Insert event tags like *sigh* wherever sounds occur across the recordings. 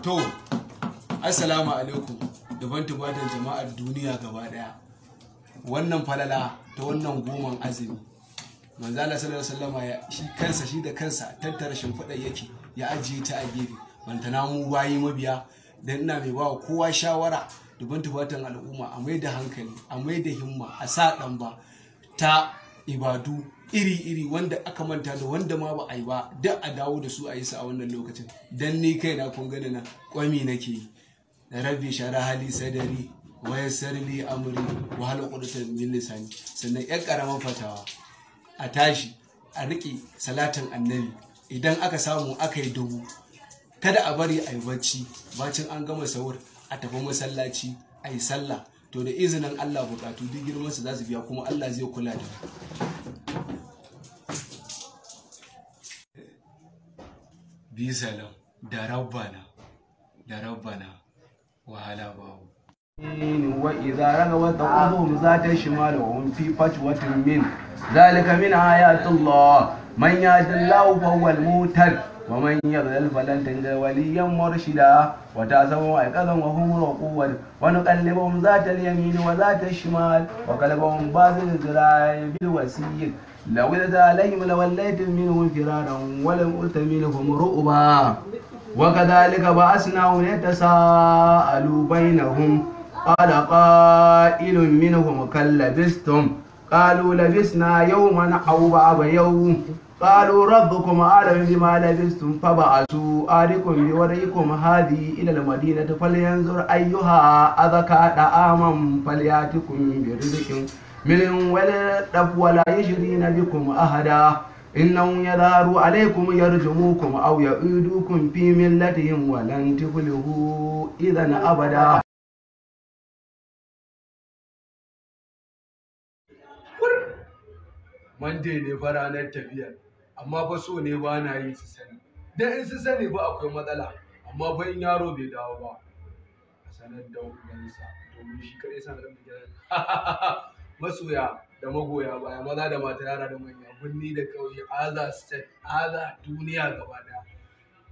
to assalamu alaikum daban tubatan jama'ar duniya gaba daya wannan falala ta wannan goman azumi manzala sallallahu alaihi wasallam shi kansa shi da kansa tattara shimfiɗar yake ya ajiye ta a gefe bantana mu bayi mabiya dan ina mai bawa kowa shawara daban tubatan al'umma a mai da hankali a mai da himma a sa ɗan ba ta ibadu iri-iri wanda aka manta da wanda ma ba a yi ba duk a dawo da su a yi su a wannan lokacin Don ni na, kun gani na kwami nake da rabbi shara hali sadari wayar sarili amuri wahala kudutar min lisani sannan yan karaman fatawa a tashi a riƙe salatin annabi idan aka samu aka yi dubu kada a bari a yi bacci bacin an gama sahur a tafi masallaci a yi sallah to da izinin allah bukatu duk girmansu za su biya kuma allah zai kula da bizalan da rabbana da rabbana wahala babu wa idza ragawa da uhum za ta shima da hun fi fatwatin min zalika min ayatullah man yadillahu fa wal mutar wa man yadhal falan tanja waliyan murshida wa ta zama wa aqadan wa hum ruqwan wa nuqallibuhum za ta yamin wa za ta shimal wa qalbuhum ba'd al-dira'i bil wasiyyin لو إذا عليهم لوليت منهم فرارا ولم قلت منهم رؤبا وكذلك بعثناهم يتساءلوا بينهم قال قائل منهم كل لبستم قالوا لبسنا يوما أو بعض يوم قالوا ربكم أعلم بما لبستم فبعثوا آلكم بوريكم هذه إلى المدينة فلينظر أيها أذكى طعاما فليأتكم برزق من ولد ولا يجرين بكم أهدا إنه يظهروا عليكم يرجموكم أو يعيدوكم في ملتهم ولن تفلحوا إذا أبدا Mande ne fa ranar tafiyar, amma fa so ne ba na su sani. don in su sani ba akwai matsala, amma fa in yaro bai dawo ba. A sanar da domin *laughs* masoya da magoya baya maza da mata yara da manya birni da ƙauye aza state aza duniya gaba daya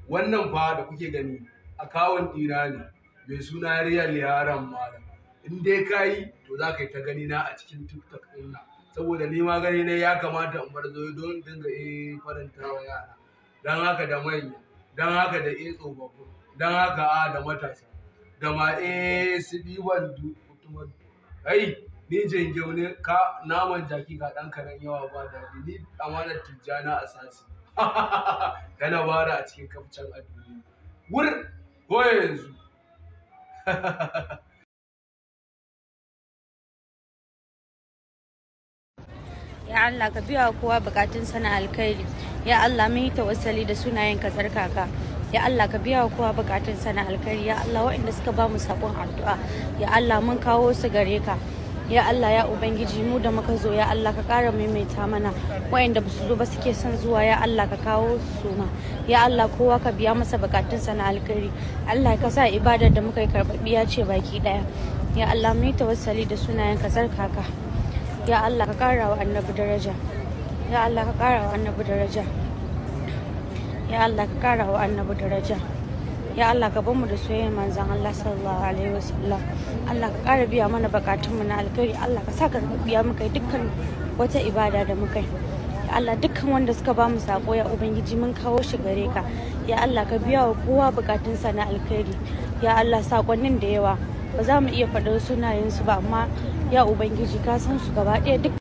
wannan fa da kuke gani akawun dina ne mai suna real yaran malam in dai ka yi to za ka yi ta gani na a cikin tiktok ɗin saboda ni ma gani ne ya kamata in bar zoyi don dinga eh faranta wa yara dan haka da manya dan haka da eh tsofaffi dan haka a ah, da matasa da ma eh su ɗiban mutumin ai ni jenge ne ka naman jaki ga ɗan karen yawa ba da ni amanar tijjana a sasi tana *laughs* bara a cikin kafcan a duniya wur ko yanzu *laughs* ya Allah ka biya kowa bukatun sana alkhairi ya Allah mun yi tawassali da sunayen ka tsarkaka ya Allah ka biya kowa bukatun sana alkhairi ya Allah waɗanda suka ba mu sakon addu'a ya Allah mun kawo su gare ka ya Allah ya ubangiji mu da muka zo ya Allah ka ƙara maimaita mana wayanda ba su zo ba suke son zuwa ya Allah ka kawo su ma ya Allah kowa ka biya masa bukatunsa na alkhairi Allah ka sa ibadar da muka yi ya ce baki ɗaya ya Allah mu yi tawassali da sunayen ka kaka. ya Allah ka ƙara wa annabi daraja ya Allah ka ƙara wa annabi daraja ya Allah ka ƙara wa annabi daraja ya Allah ka bamu da soyayyar manzon Allah sallallahu alaihi wasallam Allah ka ƙara biya mana bukatunmu na alkhairi Allah ka saka biya muka dukkan wata ibada da muka yi ya Allah dukkan wanda suka ba mu sako ya ubangiji mun kawo shi gare ka ya Allah ka biya wa kowa bukatunsa na alkhairi ya Allah sakonnin da yawa ba za mu iya faɗar sunayensu ba amma ya ubangiji ka san su gaba ɗaya duk